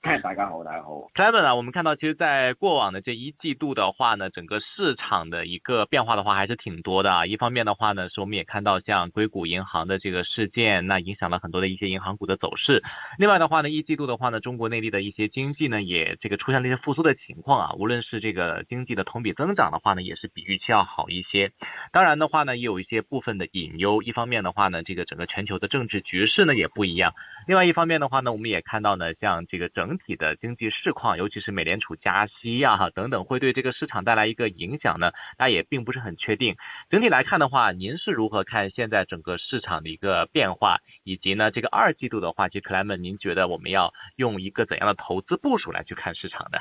嗨，看大家好，大家好，Clement 啊，我們看到其實，在過往的這一季度的話呢，整個市場的一個變化的話，還是挺多的啊。一方面的話呢，是我們也看到像硅谷銀行的這個事件，那影響了很多的一些銀行股的走勢。另外的話呢，一季度的話呢，中國內地的一些經濟呢，也這個出現了一些復蘇的情況啊。無論是這個經濟的同比增長的話呢，也是比預期要好一些。當然的話呢，也有一些部分的隱憂。一方面的話呢，這個整個全球的政治局勢呢，也不一樣。另外一方面的話呢，我們也看到呢，像這個整整體的經濟市況，尤其是美聯儲加息啊，哈等等，會對這個市場帶來一個影響呢？但也並不是很確定。整體來看的話，您是如何看現在整個市場的一個變化，以及呢，這個二季度的話，其實克萊門，您覺得我們要用一個怎樣的投資部署來去看市場的？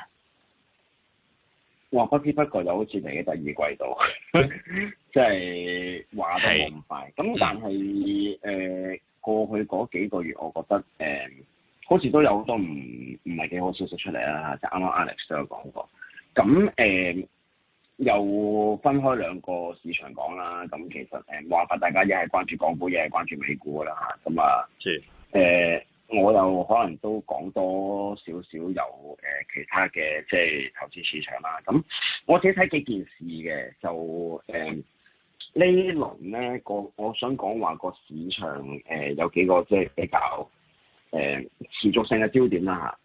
我不知不覺就好似嚟咗第二季度，即係話都明白，咁是但係誒、呃，過去嗰幾個月，我覺得誒。呃好似都有多好多唔唔係幾好消息出嚟啦，就啱、是、啱 Alex 都有講過。咁誒、呃、又分開兩個市場講啦。咁其實誒冇辦法，大家一係關注港股，一係關注美股啦。咁啊，啊是誒、呃，我又可能都講多少少有誒、呃、其他嘅即係投資市場啦。咁、啊、我自己睇幾件事嘅就誒、呃、呢輪咧個我想講話個市場誒、呃、有幾個即係比較。誒、呃、持續性嘅焦點啦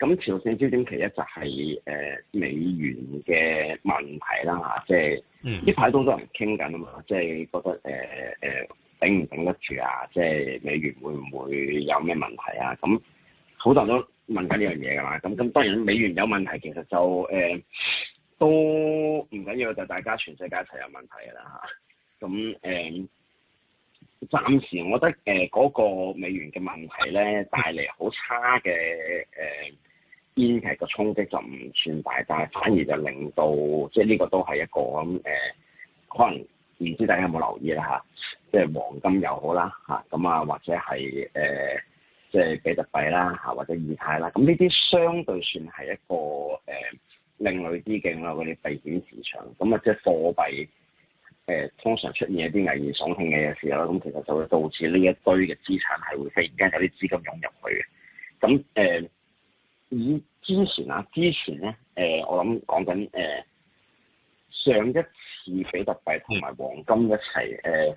嚇，咁、啊、持續性焦點其實就係、是、誒、呃、美元嘅問題啦嚇、啊，即係呢排都好多人傾緊啊嘛，即係覺得誒誒頂唔頂得住啊，即係美元會唔會有咩問題啊？咁、啊、好多人都問緊呢樣嘢㗎啦，咁、啊、咁當然美元有問題，其實就誒、呃、都唔緊要，就大家全世界一齊有問題㗎啦嚇，咁、啊、誒。啊啊暫時我覺得誒嗰、呃那個美元嘅問題咧，帶嚟好差嘅誒經濟嘅衝擊就唔算大，但係反而就令到即係呢個都係一個咁誒、呃，可能唔知大家有冇留意啦嚇、啊，即係黃金又好啦嚇，咁啊或者係誒即係比特幣啦嚇，或者以、呃就是、太啦，咁呢啲相對算係一個誒、呃、另類啲嘅咁啲避險市場，咁啊即係貨幣。誒通常出現一啲危言聳聽嘅嘢時候，咁其實就會導致呢一堆嘅資產係會忽然間有啲資金湧入去嘅。咁誒、呃，以之前啊，之前咧，誒、呃、我諗講緊誒上一次比特幣同埋黃金一齊誒，即、呃、係、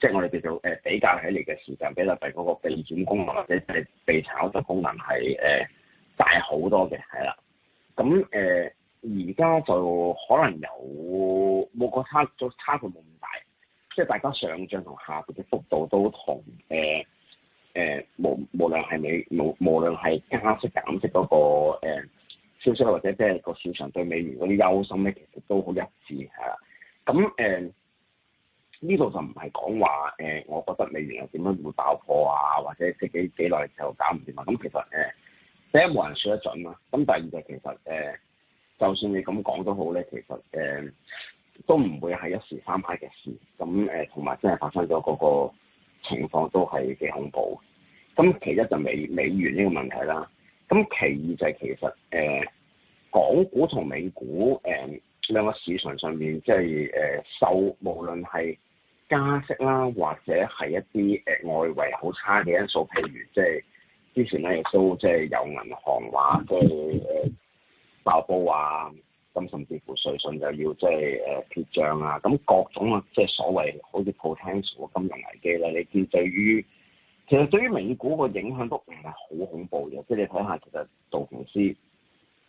就是、我哋叫做誒比較起嚟嘅時間，比特幣嗰個避險功能或者係被炒作功能係誒、呃、大好多嘅，係啦。咁誒。呃而家就可能有冇個差，個差別冇咁大，即係大家上漲同下跌嘅幅度都同誒誒、欸欸、無無論係美無無論係加息減息嗰個誒消息，或者即係個市場對美元嗰啲憂心咧，其實都好一致係啦。咁誒呢度就唔係講話誒，我覺得美元又點樣會爆破啊，或者自己幾幾耐就搞唔掂啊。咁其實誒、欸、第一冇人說得準啦。咁第二就其實誒。欸就算你咁講都好咧，其實誒、呃、都唔會係一時三刻嘅事。咁誒同埋真係發生咗嗰個情況都係幾恐怖。咁其一就美美元呢個問題啦。咁其二就係其實誒、呃、港股同美股誒、呃、兩個市場上面、即係，即係誒受無論係加息啦，或者係一啲誒外圍好差嘅因素，譬如即係之前咧亦都即係有銀行話即係誒。即係呃爆煲啊！咁甚至乎瑞信就要即係誒跌漲啊！咁各種嘅即係所謂好似 potential 金融危機咧，你見對於其實對於美股個影響都唔係好恐怖嘅，即係你睇下，其實道瓊斯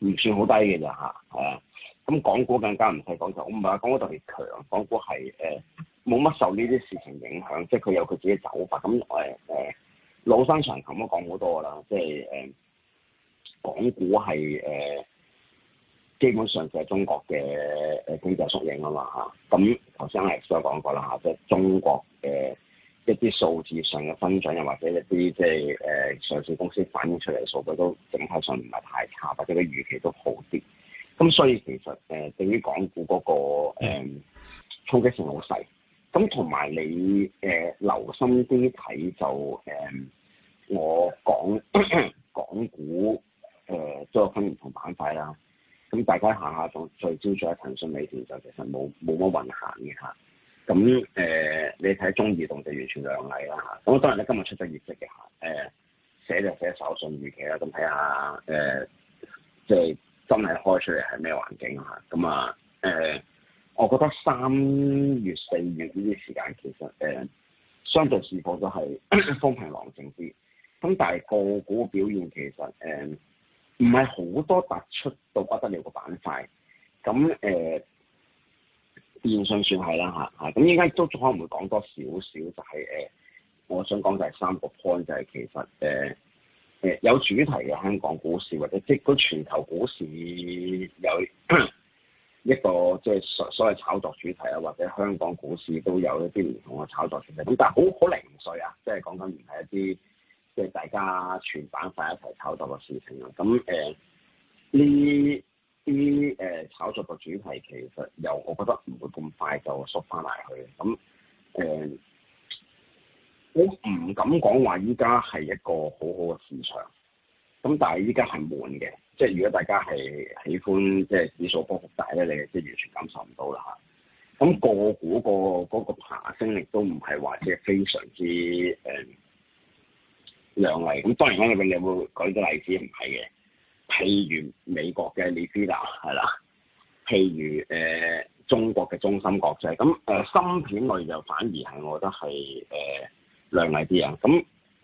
唔算好低嘅啫嚇。誒、啊，咁、嗯、港股更加唔使講就，唔係話港股特別強，港股係誒冇乜受呢啲事情影響，即係佢有佢自己走法。咁誒誒，老生常談都講好多啦，即係誒、呃、港股係誒。呃基本上就係中國嘅誒經濟縮影啊嘛嚇，咁頭先 Alex 都講過啦嚇，即係中國嘅一啲數字上嘅增長，又或者一啲即係誒上市公司反映出嚟嘅數據都整體上唔係太差，或者啲預期都好啲。咁所以其實誒，對於港股嗰個誒衝擊性好細。咁同埋你誒留心啲睇就誒，我講咳咳港股誒都有分唔同板塊啊。咁大家下下仲聚焦咗喺騰訊、美團就其實冇冇乜運行嘅嚇。咁誒、呃，你睇中移動就完全兩例啦嚇。咁當然咧，今日出咗業績嘅嚇，誒、呃、寫就寫手信預期啦。咁睇下誒，即、呃、係、就是、真係開出嚟係咩環境嚇？咁啊誒，我覺得三月、四月呢啲時間其實誒、呃，相對市況都係 風平浪靜啲。咁但係個股表現其實誒。呃唔係好多突出到不得了個板塊，咁誒、呃、現上算係啦嚇嚇，咁依家都仲可能會講多少少就係、是、誒、呃，我想講就係第三個 point 就係其實誒誒、呃呃、有主題嘅香港股市或者即係個全球股市有一個，一個即係所所謂炒作主題啦，或者香港股市都有一啲唔同嘅炒作主題，咁但係好好零碎啊，即係講緊唔係一啲。即係大家全板塊一齊炒作個事情啦，咁誒呢啲誒炒作個主題其實又我覺得唔會咁快就縮翻嚟去，咁誒、呃、我唔敢講話依家係一個好好嘅市場，咁但係依家係悶嘅，即係如果大家係喜歡即係指數波幅大咧，你即係完全感受唔到啦嚇，咁、個股、個嗰、個爬升力都唔係話即係非常之誒。呃亮麗咁，當然啦你會舉啲例子唔係嘅，譬如美國嘅李書達係啦，譬如誒、呃、中國嘅中芯國際咁誒，芯、呃、片類就反而係我覺得係誒亮麗啲啊，咁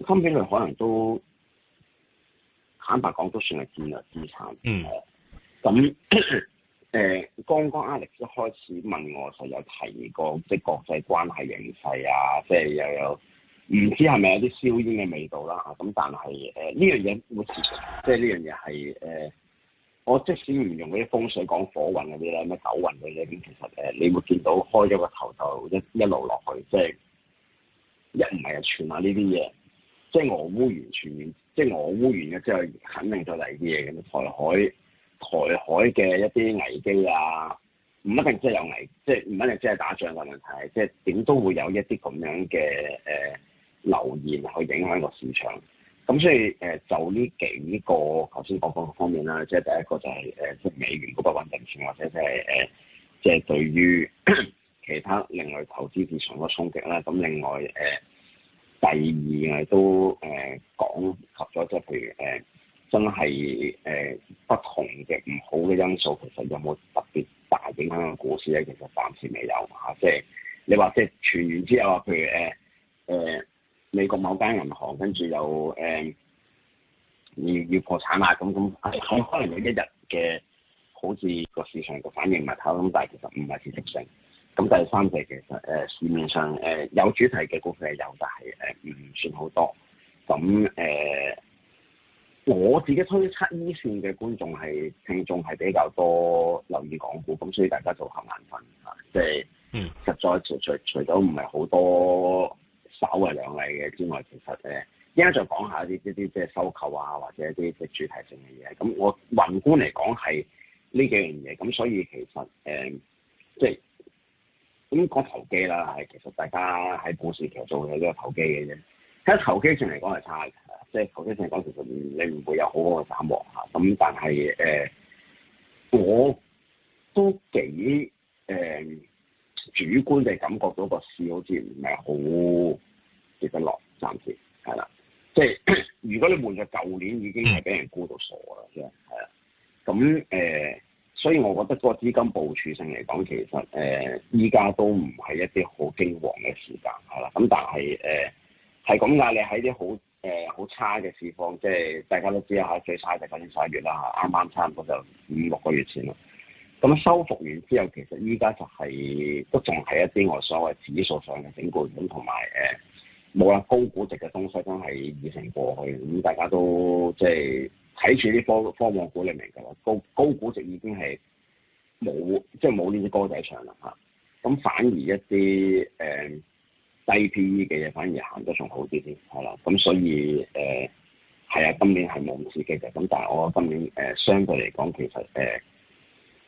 芯片類可能都坦白講都算係戰略資產，嗯，咁誒、呃、剛剛 Alex 一開始問我，就有提過即係國際關係形勢啊，即係又有。唔知係咪有啲硝煙嘅味道啦，咁但係誒呢樣嘢冇，即係呢樣嘢係誒，我即使唔用嗰啲風水講火運嗰啲咧，咩九運嗰啲嘢，咁其實誒、呃、你會見到開咗個頭就一一路落去，即係一唔係又傳下呢啲嘢，即係俄烏完全，即係俄烏完咗之後肯定就嚟啲嘢咁，台海台海嘅一啲危機啊，唔一定即係有危，即係唔一定即係打仗嘅問題，即係點都會有一啲咁樣嘅誒。呃留言去影響個市場，咁所以誒、呃、就呢幾個頭先講過嘅方面啦，即係第一個就係、是、誒、呃、即係美元嘅不穩定性，或者、就是呃、即係誒即係對於 其他另外投資市場嘅衝擊啦。咁另外誒、呃、第二誒都誒、呃、講及咗，即係譬如誒、呃、真係誒、呃、不同嘅唔好嘅因素，其實有冇特別大影響嘅股市咧？其實暫時未有嚇、啊，即係你話即係傳完之後啊，譬如誒誒。呃呃呃美國某間銀行跟住又誒、嗯、要要破產啊！咁咁，可能有一日嘅好似個市場個反應物頭咁，但係其實唔係持續性。咁第三就其實誒、呃、市面上誒、呃、有主題嘅股票係有，但係誒唔算好多。咁誒、呃、我自己推測呢線嘅觀眾係聽眾係比較多留意港股，咁所以大家就合眼瞓啊！即係實在除除除咗唔係好多。稍為兩類嘅之外，其實誒，一陣再講下啲啲啲即係收購啊，或者一啲即係主題性嘅嘢。咁我宏觀嚟講係呢幾樣嘢。咁所以其實誒、嗯，即係咁講投機啦，係其實大家喺股市其實做嘅都係投機嘅啫。喺投機性嚟講係差嘅，即係投機性嚟講，其實你唔會有好好嘅展望嚇。咁但係誒、嗯，我都幾誒、嗯、主觀地感覺到個市好似唔係好。跌得落，暫時係啦，即係 如果你換咗舊年，已經係俾人估到傻啦，即係係啦。咁誒、呃，所以我覺得個資金部署性嚟講，其實誒依家都唔係一啲好驚惶嘅時間，係啦。咁但係誒係咁㗎，你喺啲好誒好差嘅市況，即係大家都知啊，最就剛剛差就等於十一月啦，啱啱差唔多就五六個月前啦。咁收復完之後，其實依家就係、是、都仲係一啲我所謂指數上嘅整固咁，同埋誒。呃冇啦，高估值嘅東西真係已成過去，咁大家都即係睇住啲科科網股，你明㗎啦。高高估值已經係冇，即係冇呢啲歌仔唱啦嚇。咁、嗯、反而一啲誒、呃、低 P E 嘅嘢，反而行得仲好啲先係啦。咁、嗯嗯、所以誒係、呃、啊，今年係冇刺激嘅。咁但係我覺得今年誒、呃、相對嚟講，其實誒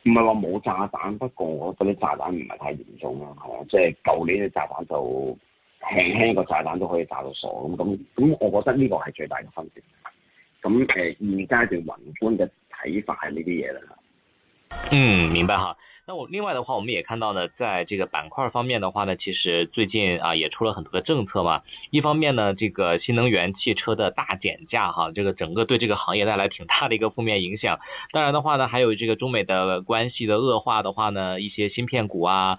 唔係話冇炸彈，不過我覺得炸彈唔係太嚴重啦，係啊，即係舊年嘅炸彈就。輕輕一個炸彈都可以炸到傻咁咁咁，我覺得呢個係最大嘅分別。咁誒、呃，而家宏觀嘅睇法係呢啲嘢啦。嗯，明白哈。那我另外的話，我們也看到呢，在這個板塊方面的話呢，其實最近啊也出了很多嘅政策嘛。一方面呢，這個新能源汽車的大減價哈，這個整個對這個行業帶來挺大的一個負面影響。當然的話呢，還有這個中美的關係的惡化的話呢，一些芯片股啊。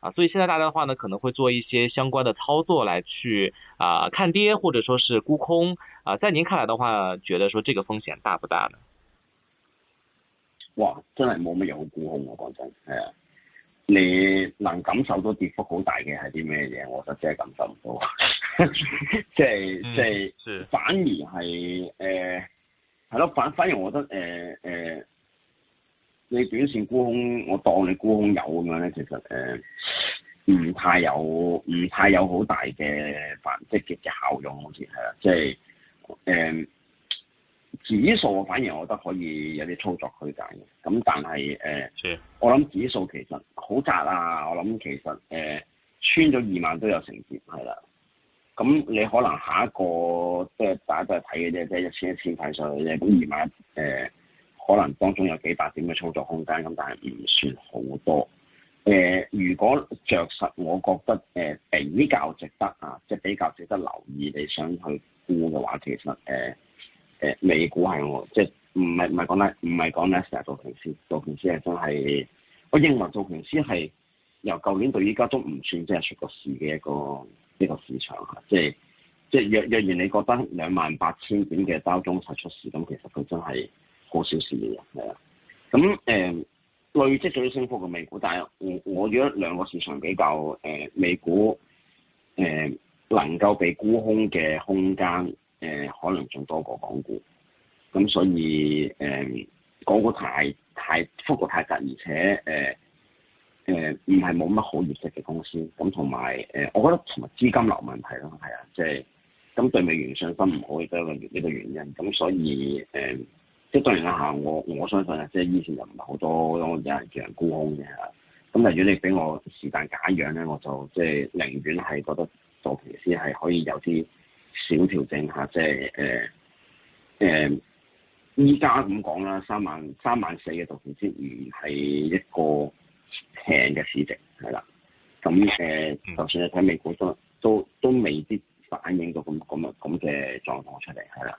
啊，所以現在大家的話呢，可能會做一些相關的操作來去啊、呃、看跌或者說是沽空啊、呃，在您看來的話，覺得說這個風險大不大呢？哇，真係冇乜嘢好沽空，我講真係啊、呃，你能感受到跌幅好大嘅係啲咩嘢，我覺得真係感受唔到，即係即係，反而係誒，係咯反反而我覺得誒誒。呃呃你短線沽空，我當你沽空有咁樣咧，其實誒唔、呃、太有唔太有好大嘅反即係嘅效用，好似係啦，即係誒、呃、指數，我反而覺得可以有啲操作空間嘅。咁但係誒，呃、的我諗指數其實好窄啊！我諗其實誒、呃、穿咗二萬都有成績，係啦。咁你可能下一個即係大家都係睇嘅啫，即係一千一千睇上去嘅。咁二萬誒、呃。可能當中有幾百點嘅操作空間咁，但係唔算好多。誒、呃，如果着實，我覺得誒、呃、比較值得啊，即係比較值得留意你想去估嘅話，其實誒誒、呃呃、美股係我即係唔係唔係講咧，唔係講納斯達克瓊斯個瓊斯係真係我認為做瓊斯係由舊年到依家都唔算即係出過事嘅一個一、這個市場啊！即係即係若若然你覺得兩萬八千點嘅包中就出市咁，其實佢真係，好少事嘅人，係啊，咁誒、呃、累積咗啲升幅嘅美股，但係我我覺得兩個市場比較誒、呃、美股誒、呃、能夠被沽空嘅空間誒、呃、可能仲多過港股，咁所以誒港股太太幅度太窄，呃那個、而且誒誒唔係冇乜好業績嘅公司，咁同埋誒我覺得同埋資金流問題咯，係啊，即係咁對美元信心唔好亦都係一個呢個原因，咁所以誒。呃即係當然啦、啊、嚇，我我相信啊，即係以前就唔係好多有人叫人沽空嘅。咁但如果你俾我時間假樣咧，我就即係寧願係覺得做盤先係可以有啲小調整下，即係誒誒，依家咁講啦，三萬三萬四嘅做盤之餘仍然係一個平嘅市值係啦。咁誒，嗯、就算你睇美股都都都未必反映到咁咁嘅咁嘅狀況出嚟係啦。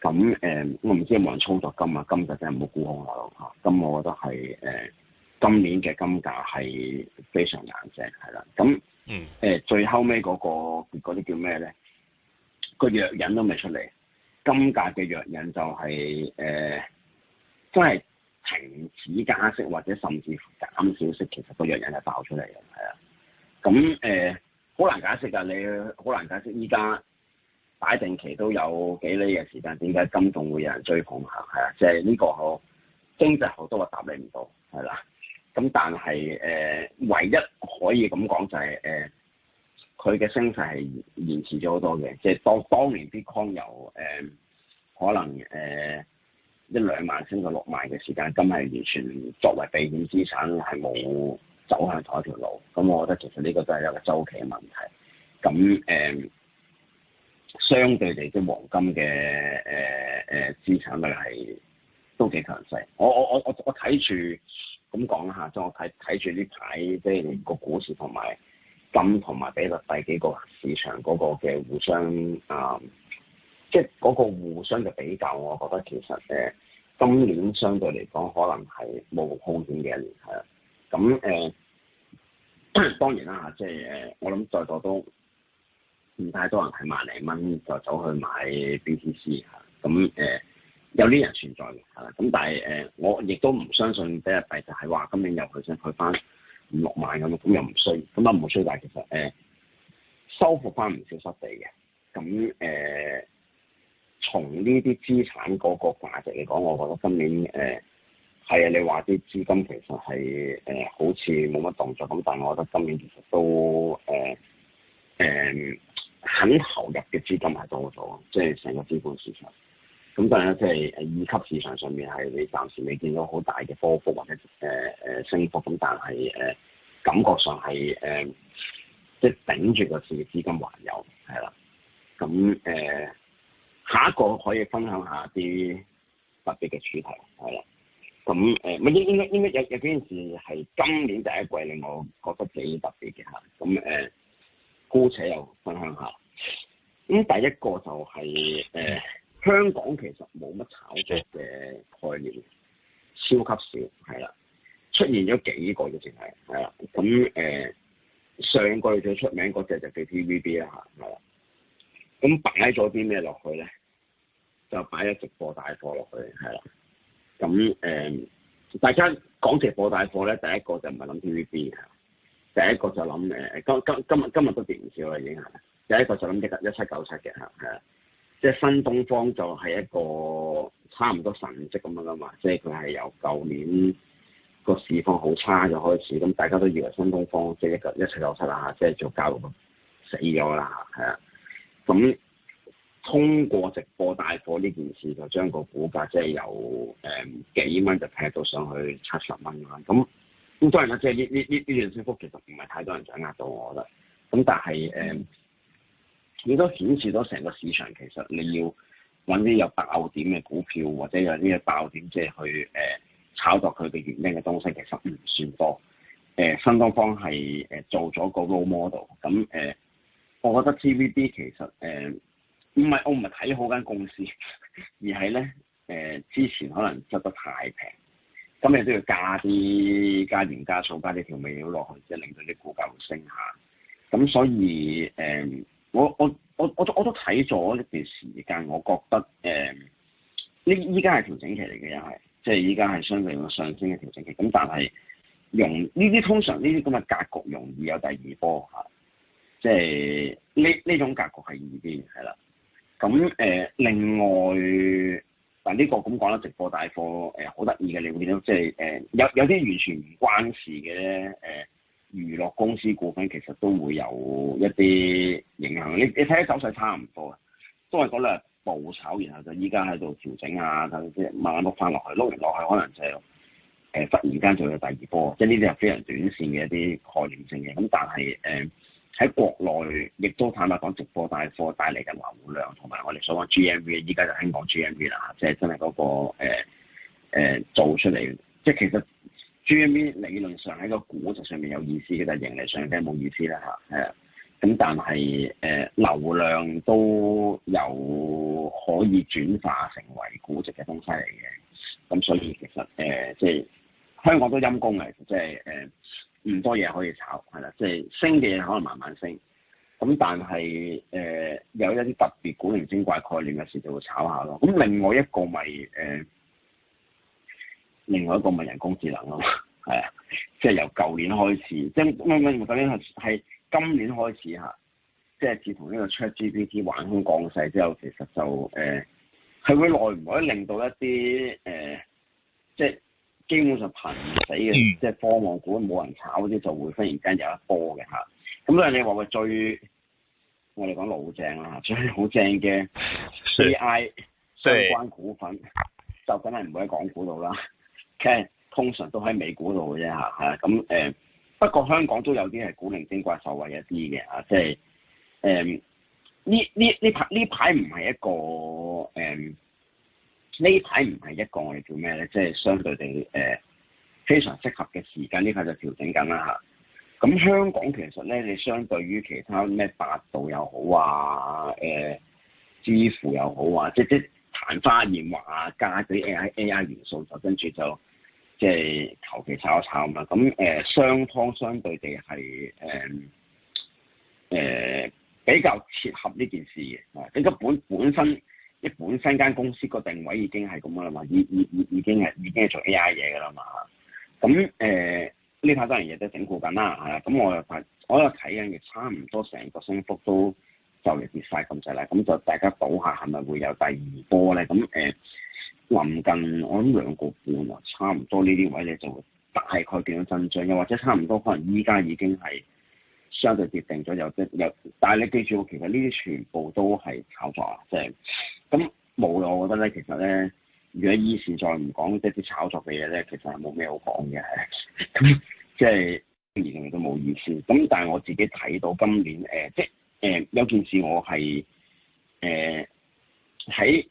咁誒、呃，我唔知有冇人操作今日金就、啊、真係冇沽空嘅咯嚇，我覺得係誒、呃、今年嘅金價係非常硬淨，係啦，咁嗯誒最後尾嗰、那個嗰啲、那個那個、叫咩咧？那個藥引都未出嚟，金價嘅藥引就係、是、誒，即、呃、係停止加息或者甚至減少息，其實個藥引係爆出嚟嘅，係啊，咁誒好難解釋㗎，你好難解釋依家。擺定期都有幾厘嘅時間，點解金仲會有人追捧下？係啊，即係呢個好，經濟學都話答你唔到，係啦。咁但係誒、呃，唯一可以咁講就係、是、誒，佢嘅升勢係延遲咗好多嘅。即係當當年 Bitcoin 由誒、呃、可能誒一兩萬升到六萬嘅時間，金係完全作為避險資產係冇走向同一條路。咁我覺得其實呢個都係一個周期嘅問題。咁誒。呃相對嚟，即係黃金嘅誒誒資產率係都幾強勢。我我我我我睇住咁講一下，即係我睇睇住呢排，即係個股市同埋金同埋比特幣幾個市場嗰個嘅互相啊，呃，即係嗰個互相嘅比較，我覺得其實誒今年相對嚟講，可能係冇好點嘅一年，係啦。咁誒、呃，當然啦，即係誒，我諗在座都。唔太多人係萬零蚊就走去買 BTC 嚇，咁、嗯、誒、嗯、有啲人存在嘅嚇，咁、嗯、但係誒、嗯、我亦都唔相信 ETH 幣就係、是、話今年又佢升去翻五六萬咁咁又唔衰，咁都唔冇衰，但係其實誒、嗯、收復翻唔少失地嘅，咁、嗯、誒、嗯、從呢啲資產嗰個價值嚟講，我覺得今年誒係啊，你話啲資金其實係誒、嗯、好似冇乜動作，咁但係我覺得今年其實都誒誒。嗯嗯肯投入嘅資金係多咗，即係成個資本市場。咁但係咧，即、就、係、是、二級市場上面係你暫時未見到好大嘅波幅或者誒誒、呃、升幅，咁但係誒、呃、感覺上係誒即係頂住個市嘅資金環遊，係啦。咁、嗯、誒、嗯、下一個可以分享一下啲特別嘅主題，係啦。咁、嗯、誒，唔、嗯、應應該應該有有幾件事係今年第一季令我覺得幾特別嘅嚇。咁、嗯、誒、呃、姑且又分享下。咁第一個就係、是、誒、呃、香港其實冇乜炒作嘅概念，超級少係啦，出現咗幾個啫，淨係係啦。咁誒、呃、上個月最出名嗰隻就叫 T V B 啦嚇，係啦。咁擺咗啲咩落去咧？就擺咗直播帶貨落去係啦。咁誒、呃，大家講直播帶貨咧，第一個就唔係諗 T V B 嚇，第一個就諗誒、呃，今今今日今日都跌唔少啦已經係。第一個就諗一七九七嘅嚇，係啊。即係新東方就係一個差唔多神跡咁樣噶嘛，即係佢係由舊年個市況好差就開始，咁大家都以為新東方即係一七九七啊，即係做交，死咗啦，係啊，咁、嗯、通過直播帶貨呢件事就將個股價即係由誒幾蚊就劈到上去七十蚊啦。咁、嗯、咁、嗯、當然啦，即係呢呢呢呢段升幅其實唔係太多人掌握到我，我覺得。咁、嗯、但係誒。嗯你都顯示到成個市場，其實你要揾啲有爆點嘅股票，或者有啲嘅爆點，即係去誒炒作佢哋原因嘅東西，其實唔算多。誒、呃、新東方係誒、呃、做咗個 role model，咁誒、呃，我覺得 TVB 其實誒唔係我唔係睇好間公司，而係咧誒之前可能執得太平，咁你都要加啲加鹽加醋加啲調味料落去，先、就是、令到啲股價會升下。咁所以誒。呃我我我我都我都睇咗一段時間，我覺得誒呢依家係調整期嚟嘅又係，即係依家係相對個上升嘅調整期。咁但係容呢啲通常呢啲咁嘅格局容易有第二波嚇、啊，即係呢呢種格局係易啲係啦。咁、嗯、誒、嗯呃、另外，但呢、這個咁講啦，直播大貨誒好得意嘅，你會見到即係誒、呃、有有啲完全唔關事嘅咧誒。呃娛樂公司股份其實都會有一啲影響，你你睇啲手勢差唔多啊，都係嗰兩步炒，然後就依家喺度調整啊，等啲慢慢碌翻落去，碌完落去可能就誒、係呃、突然間做到第二波，即係呢啲係非常短線嘅一啲概念性嘅，咁但係誒喺國內亦都坦白講直播帶貨帶嚟嘅流量，同埋我哋所講 G M V，依家就興講 G M V 啦、嗰個呃呃，即係真係嗰個誒做出嚟，即係其實。GMV 理論上喺個估值上面有意思嘅、嗯，但盈利上梗係冇意思啦嚇，係、呃、啊，咁但係誒流量都有可以轉化成為估值嘅東西嚟嘅，咁、嗯、所以其實誒即係香港都陰公嚟，即係誒唔多嘢可以炒係啦，即係、就是、升嘅嘢可能慢慢升，咁、嗯、但係誒、呃、有一啲特別古靈精怪概念嘅事就會炒下咯，咁、嗯、另外一個咪、就、誒、是。呃另外一個咪人工智能咯，係 啊，即係由舊年開始，即係啱啱我頭先係係今年開始嚇，即係自從呢個 Chat GPT 橫空降世之後，其實就誒係、呃、會耐唔耐令到一啲誒、呃、即係基本上瀕死嘅，即係科網股冇人炒嗰啲，就會忽然間有一波嘅嚇。咁所以你話會最我哋講老正啦，最好正嘅 AI 相關股份就梗係唔會喺港股度啦。通常都喺美股度嘅啫嚇，係咁誒，不過香港都有啲係古靈精怪、受惠一啲嘅啊，即係誒呢呢呢排呢排唔係一個誒呢排唔係一個我哋叫咩咧，即係相對地誒、啊、非常適合嘅時間，呢排就調整緊啦嚇。咁、啊啊、香港其實咧，你相對於其他咩百度又好啊，誒支付又好啊，好即係即係曇花一現加啲 A I A I 元素，就跟住就。即係求其炒一炒嘛，咁誒、呃、雙方相對地係誒誒比較切合呢件事嘅，係，因為本本身啲本身間公司個定位已經係咁噶啦嘛，已已已已經係已經係做 AI 嘢噶啦嘛，咁誒呢排當然亦都整固緊啦，係啦，咁我又睇我又睇緊嘅差唔多成個升幅都就嚟跌晒咁滯啦，咁就大家賭下係咪會有第二波咧？咁誒。呃臨近我諗兩個半啊，差唔多呢啲位咧就大概見到震漲，又或者差唔多可能依家已經係相對跌定咗，有即有，但係你記住喎、就是，其實呢啲全部都係炒作啊，即係咁，冇啦，我覺得咧，其實咧，如果以前再唔講即啲炒作嘅嘢咧，其實係冇咩好講嘅，咁即係完全都冇意思。咁但係我自己睇到今年誒、呃，即係誒、呃、有件事我係誒喺。呃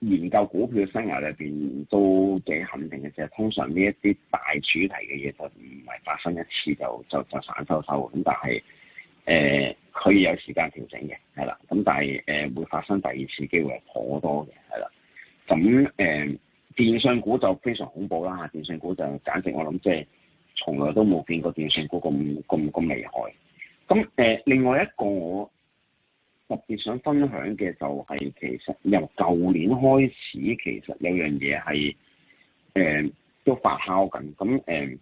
研究股票嘅生涯裏邊都幾肯定嘅，即係通常呢一啲大主題嘅嘢就唔係發生一次就就就散修收，咁但係誒佢有時間調整嘅，係啦，咁但係誒、呃、會發生第二次機會係頗多嘅，係啦，咁誒、呃、電信股就非常恐怖啦嚇，電信股就簡直我諗即係從來都冇見過電信股咁咁咁厲害，咁誒、呃、另外一個特別想分享嘅就係、是、其實由舊年開始，其實有樣嘢係誒都發酵緊。咁、嗯、誒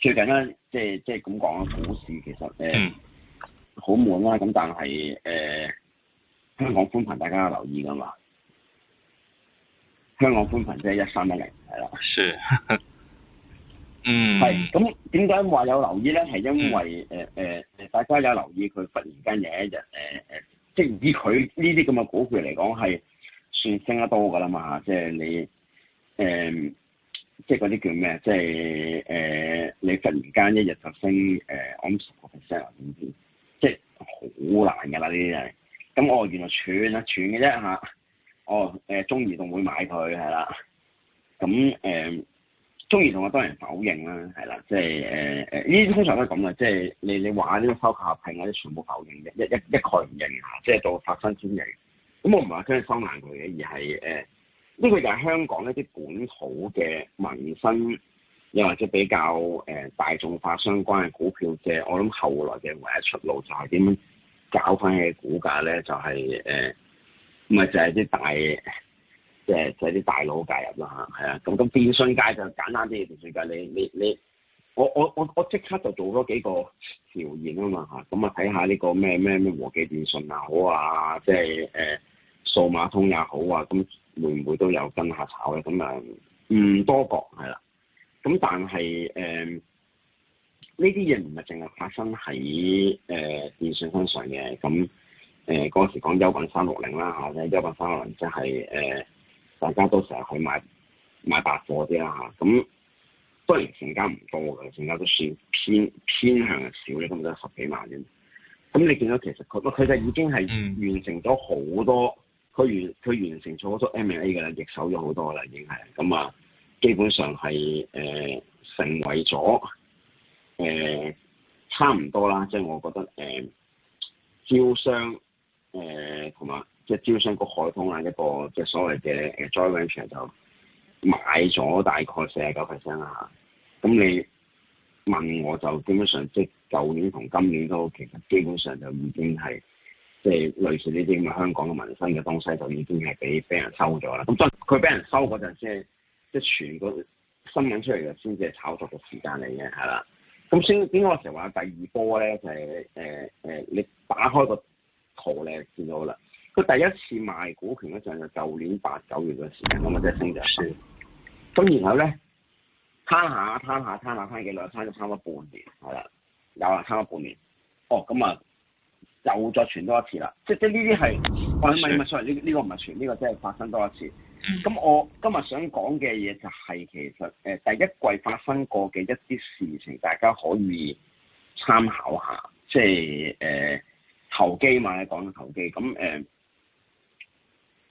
最近咧，即係即係咁講，股市其實誒好、呃、悶啦、啊。咁但係誒、呃、香港寬頻大家留意噶嘛？香港寬頻即係一三一零，係啦。係。嗯，係、mm，咁點解話有留意咧？係因為誒誒誒，大家有留意佢，突然間有一日誒誒，即係以佢呢啲咁嘅股票嚟講，係算升得多噶啦嘛，即係你誒、呃，即係嗰啲叫咩？即係誒、呃，你突然間一日就升誒，我諗十個 percent，即係好難噶啦呢啲係。咁我原來串啊串嘅啫嚇。哦，誒、啊啊哦呃、中移動會買佢係啦。咁誒。啊嗯嗯中意同我多人否認啦，係啦，即係誒誒，依、呃、啲通常都係咁嘅，即係你你話呢啲收購合併嗰啲全部否認嘅，一一一概唔認啊！即係到發生轉型，咁我唔係話真係收爛佢嘅，而係誒呢個就係香港一啲本土嘅民生又或者比較誒、呃、大眾化相關嘅股票嘅，即我諗後來嘅唯一出路就係點樣搞翻嘅股價咧，就係誒咪就係啲大即係即係啲大佬介入啦嚇，係啊，咁咁電信界就簡單啲電信界你，你你你我我我我即刻就做咗幾個調研啊嘛嚇，咁啊睇下呢個咩咩咩和記電信又好啊，即係誒數碼通也好啊，咁會唔會都有跟下炒嘅咁、嗯、啊？唔多覺係啦，咁但係誒呢啲嘢唔係淨係發生喺誒電信身上嘅，咁誒嗰陣時講優品三六零啦嚇，優品三六零即係誒。呃大家都成日去買買百貨啲啦嚇，咁、啊、當然成交唔多嘅，成交都算偏偏向少嘅，咁唔十幾萬啫。咁你見到其實佢，佢就已經係完成咗好多，佢完佢完成咗好多 M&A 嘅啦，逆手咗好多啦，已經係咁啊。基本上係誒、呃、成為咗誒、呃、差唔多啦，即、就、係、是、我覺得誒、呃、招商誒同埋。呃即係招商局海通啊，一個即係所謂嘅誒 joint venture 就買咗大概四十九 percent 啦，咁你問我，就基本上即係舊年同今年都其實基本上就已經係即係類似呢啲咁嘅香港嘅民生嘅東西，就已經係俾俾人收咗啦。咁所以佢俾人收嗰陣，即係全係個新聞出嚟嘅，先至係炒作嘅時間嚟嘅，係啦。咁先邊個成日話第二波咧？就係誒誒，你打開個圖咧，見到啦。佢第一次賣股權嗰陣就舊年八九月嘅時間咁啊，即係升咗。咁的然後咧，攤下攤下攤下攤幾兩，攤咗差唔多半年，係啦，有啦，差唔多半年。哦，咁啊，又再傳多一次啦。即即呢啲係物物傳，呢、這、呢個唔係傳，呢個真係發生多一次。咁我今日想講嘅嘢就係其實誒、呃、第一季發生過嘅一啲事情，大家可以參考下。即係誒、呃、投機嘛，講緊投機咁誒。嗯呃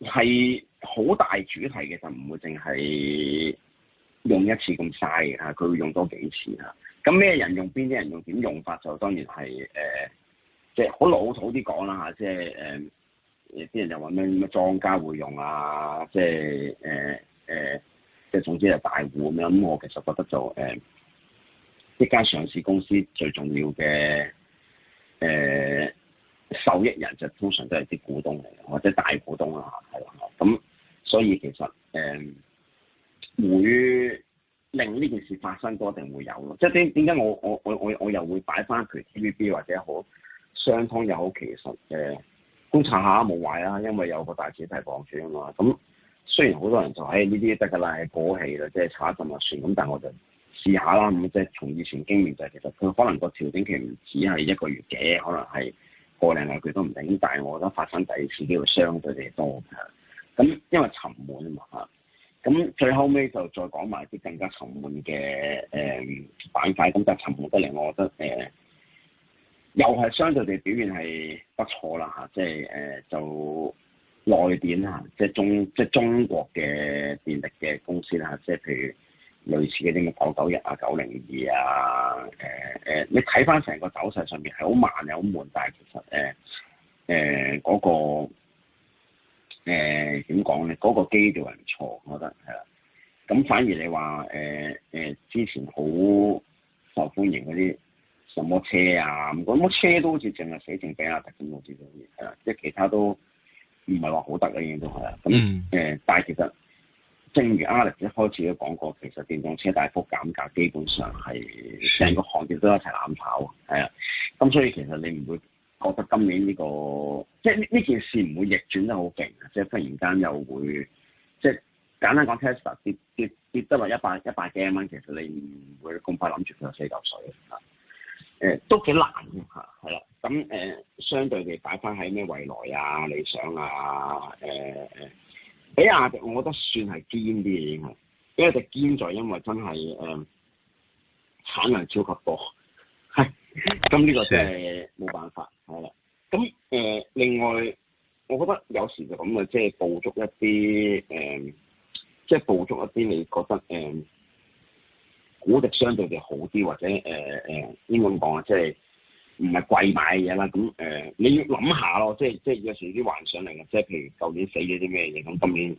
係好大主題嘅，就唔會淨係用一次咁嘥嘅嚇，佢會用多幾次嚇。咁、啊、咩人用，邊啲人用，點用法就當然係誒，即係好老土啲講啦嚇，即係誒，啲、即係呃、人就話咩咩莊家會用啊，即係誒誒，即、呃、係、呃、總之就大戶咁樣。咁我其實覺得就誒、呃，一間上市公司最重要嘅誒。呃受益人就通常都係啲股東嚟嘅，或者大股東啊，係咯，咁所以其實誒、嗯、會令呢件事發生多一定會有咯，即係點點解我我我我我又會擺返佢 TVB 或者好雙通又好奇熟嘅觀察下冇壞啊，因為有個大市提防住啊嘛。咁雖然好多人就誒呢啲得㗎啦，係、哎、過氣啦，即係炒一陣就算咁，但係我就試下啦，咁即係從以前經驗就係、是、其實佢可能個調整期唔止係一個月嘅，可能係。過靚啊，佢都唔頂，但係我覺得發生第二次機會相對地多，咁因為沉悶啊嘛嚇，咁最後尾就再講埋啲更加沉悶嘅誒板塊，咁、呃、就、嗯、沉悶得嚟，我覺得誒、呃、又係相對地表現係不錯啦嚇、啊，即係誒、呃、就內電嚇、啊，即係中即係中國嘅電力嘅公司啦、啊，即係譬如。類似嘅啲咩九九一啊九零二啊，誒誒、啊呃，你睇返成個走勢上面係好慢又、啊、好悶，但係其實誒誒嗰個誒點講咧，嗰、呃那個基調係唔錯，我覺得係啦。咁反而你話誒誒之前好受歡迎嗰啲什麼車啊，咁乜車都好似淨係死剩比亞迪咁多啲咁嘅，係啦，即係其他都唔係話好得嘅嘢都係啦。咁誒，嗯、但係其實。正如 Alex 一開始都講過，其實電動車大幅減價，基本上係成個行業都一齊攬炒，係啊。咁所以其實你唔會覺得今年呢個，即係呢呢件事唔會逆轉得好勁啊！即係忽然間又會，即係簡單講 Tesla 跌跌跌得落一百一百幾蚊，其實你唔會咁快諗住佢有四嚿水啊。誒、欸，都幾難嚇，係啦。咁誒、呃，相對地擺翻喺咩未來啊、理想啊、誒、呃、誒。比亞迪，我覺得算係堅啲嘅嘢，因為隻堅在，因為真係誒、嗯、產量超級多，係。咁呢 個真係冇辦法，係啦。咁誒、呃、另外，我覺得有時就咁嘅，即、就、係、是、捕捉一啲誒，即、嗯、係、就是、捕捉一啲你覺得誒股值相對就好啲，或者誒誒英文講啊，即、呃、係。呃唔係貴買嘢啦，咁誒、呃、你要諗下咯，即係即係有時啲幻想嚟嘅，即係譬如究竟死咗啲咩嘢，咁今年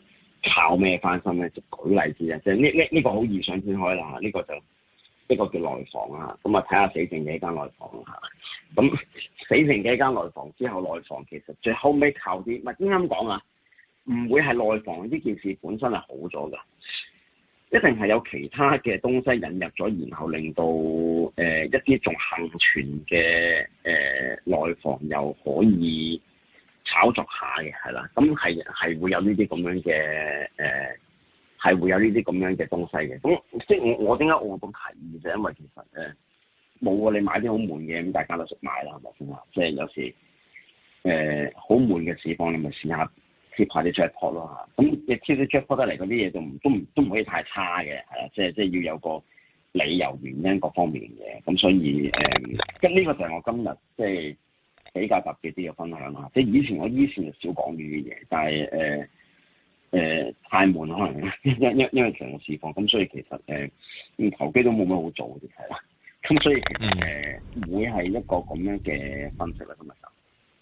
靠咩翻身咧？即係舉例子啊，即係呢呢呢個好異想天開啦呢個就呢個叫內房啊，咁啊睇下死剩幾間內房啊，咁死剩幾間內房之後，內房其實最後尾靠啲唔係啱啱講啊，唔會係內房呢件事本身係好咗㗎。一定係有其他嘅東西引入咗，然後令到誒、呃、一啲仲幸存嘅誒內房又可以炒作下嘅，係啦，咁係係會有呢啲咁樣嘅誒，係、呃、會有呢啲咁樣嘅東西嘅。咁、嗯、即係我我點解我會咁提議就因為其實誒冇啊，你買啲好悶嘅咁大家都識買啦，係咪先啊？即係有時誒好悶嘅市況你咪試下。貼下啲 draft 咯嚇，咁你貼啲 draft 得嚟嗰啲嘢就唔都唔都唔可以太差嘅，係啊，即係即係要有個理由原因各方面嘅，咁所以誒，咁、呃、呢個就係我今日即係比較特別啲嘅分享啦，即係以前我以前就少講呢啲嘢，但係誒誒太悶可能，因因因為全日市況，咁所以其實誒投、呃、機都冇乜好做嘅係啦，咁所以其實誒會係一個咁樣嘅分析啦今日就。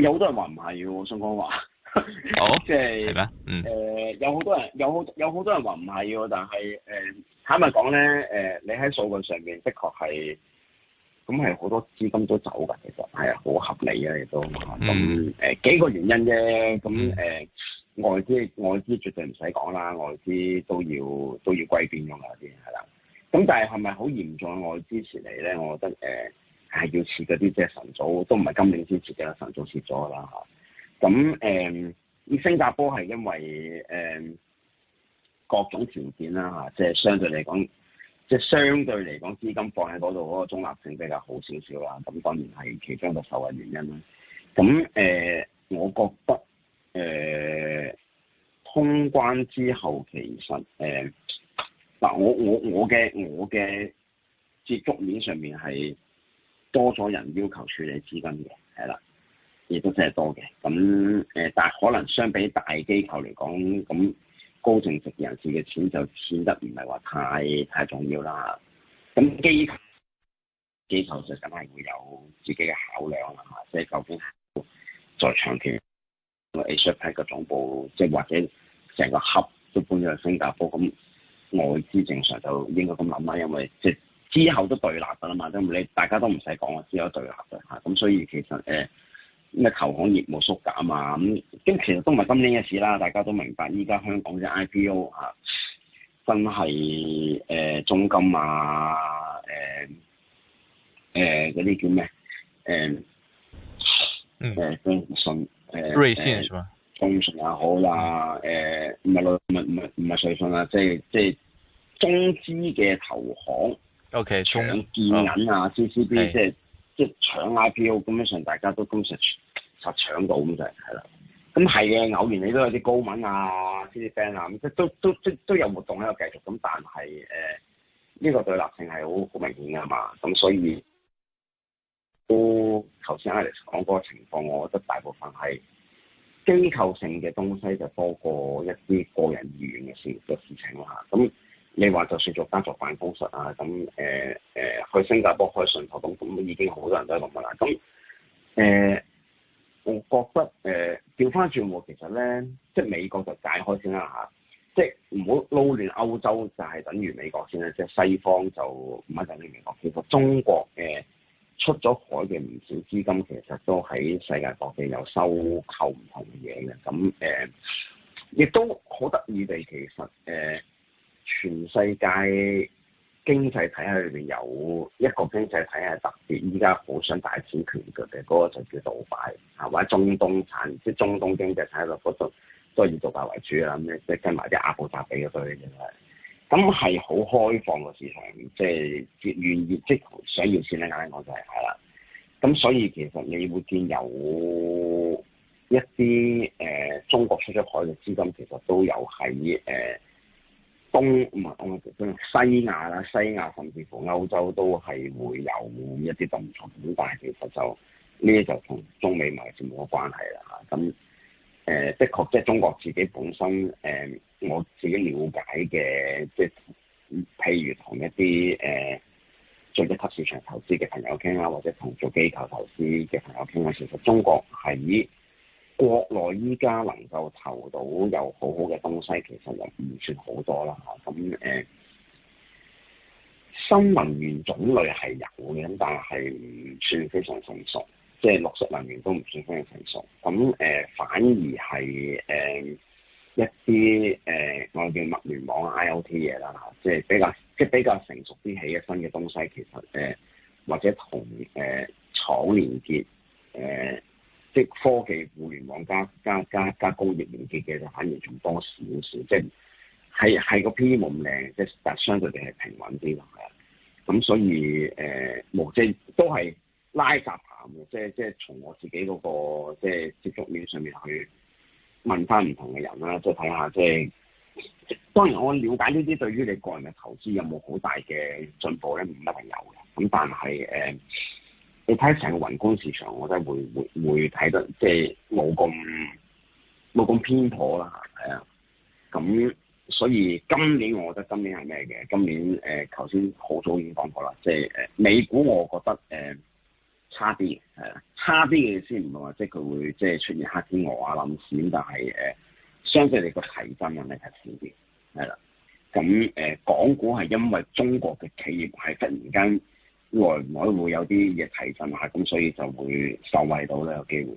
有好多人話唔係喎，宋光華。好、 就是。即係。咩？嗯。誒、呃，有好多人，有好有好多人話唔係喎，但係誒，坦白講咧。誒、呃，你喺數據上面的確係，咁係好多資金都走㗎，其實係好、嗯、合理啊，亦都咁嗯。誒、呃、幾個原因啫，咁、嗯、誒、嗯呃、外資外資絕對唔使講啦，外資都要都要歸邊用啊？啲係啦。咁、嗯、但係係咪好嚴重外資嚟咧？我覺得誒。呃係要撤嗰啲即係晨早，都唔係今年先撤嘅啦，晨早撤咗啦嚇。咁誒、嗯，新加坡係因為誒、嗯、各種條件啦嚇、啊，即係相對嚟講，即係相對嚟講資金放喺嗰度嗰個中立性比較好少少啦。咁當然係其中一個受惠原因啦。咁誒、呃，我覺得誒、呃、通關之後其實誒，嗱、呃、我我我嘅我嘅接觸面上面係。多咗人要求處理資金嘅，係啦，亦都真係多嘅。咁誒、呃，但係可能相比大機構嚟講，咁高淨值人士嘅錢就顯得唔係話太太重要啦。咁機構機構就梗係會有自己嘅考量啊嘛，即係究竟喺在長期個 AsiaPay 嘅總部，即係或者成個 Hub 都搬咗去新加坡，咁我知正常就應該咁諗啦，因為即係。之後都對立㗎啦嘛，咁你大家都唔使講啊，之後對立㗎吓，咁，所以其實誒咩、呃、投行業務縮減啊嘛，咁、嗯、咁其實都唔係今年嘅事啦。大家都明白依家香港啲 IPO 啊，真係誒、呃、中金啊，誒誒嗰啲叫咩誒誒中信誒，中、嗯、信係嘛？中、呃、中信啊好啦，誒唔係唔係唔係唔係瑞信啊，即係即係中資嘅投行。O K，搶現銀啊，C C B 即係即係搶 I P O，基本上大家都咁實實搶到咁就係係啦。咁係嘅，偶然你都有啲高敏啊，c 啲 friend 啊，咁、啊、即係都都都都有活動喺度繼續。咁但係誒，呢、呃這個對立性係好好明顯㗎嘛。咁所以，都頭先 Alex 講嗰個情況，我覺得大部分係機構性嘅東西就多過一啲個人意願嘅事嘅事情啦。咁、啊。嗯你話就算做家族辦公室啊，咁誒誒去新加坡開、去信託咁，咁已經好多人都係咁噶啦。咁誒、呃，我覺得誒調翻轉喎，其實咧，即係美國就解開先啦嚇，即係唔好撈亂歐洲就係、是、等於美國先啦，即係西方就唔係等於美國。其實中國嘅、呃、出咗海嘅唔少資金，其實都喺世界各地有收購唔同嘅嘢嘅。咁誒，亦、呃、都好得意地，其實誒。呃全世界經濟體系裏邊有一個經濟體係特別，依家好想大展拳腳嘅嗰個就叫杜拜啊，或者中東產，即、就、係、是、中東經濟產喺度嗰種都係以杜拜為主啦，咩即係跟埋啲阿布扎比嗰類嘅，咁係好開放嘅市場，即係願意即係想要錢咧，就是、itation, 簡單講就係係啦。咁所以其實你會見有一啲誒、呃、中國出咗海嘅資金，其實都有喺誒。呃咁啊，咁、嗯嗯、西亞啦、西亞甚至乎歐洲都係會有一啲動作，咁但係其實就呢啲就同中美貿易冇乜關係啦。咁誒的確，即、就、係、是、中國自己本身誒、呃，我自己了解嘅，即、就、係、是、譬如同一啲誒、呃、做一級市場投資嘅朋友傾啊，或者同做機構投資嘅朋友傾啊，其實中國係以國內依家能夠投到又好好嘅東西，其實又唔算好多啦。咁誒新能源種類係有嘅，咁但係唔算非常成熟，即係綠色能源都唔算非常成熟。咁誒、呃、反而係誒、呃、一啲誒、呃、我哋叫物聯網 IOT 嘢啦，即係比較即係比較成熟啲起嘅新嘅東西，其實誒、呃、或者同誒、呃、廠連結誒。呃即科技、互聯網加加加加工業連結嘅，就反而仲多少少，即係係係個 P 無咁靚，即係但相對地係平穩啲咁嘅。咁所以誒，冇即都係拉雜談嘅，即係即係從我自己嗰個即係接觸面上面去問翻唔同嘅人啦，即係睇下即係當然我了解呢啲對於你個人嘅投資有冇好大嘅進步咧，唔一定有嘅。咁但係誒。你睇成個宏觀市場，我覺得會會會睇得即係冇咁冇咁偏頗啦，係啊。咁所以今年我覺得今年係咩嘅？今年誒頭先好早已經講過啦，即係誒美股我覺得誒差啲係啦，差啲嘅意思唔係話即係佢會即係出現黑天鵝啊冧閃，但係誒、呃、相對你個提振能力係少啲，係啦。咁誒、呃、港股係因為中國嘅企業係突然間。耐唔耐會有啲嘢提振下，咁所以就會受惠到呢有機會。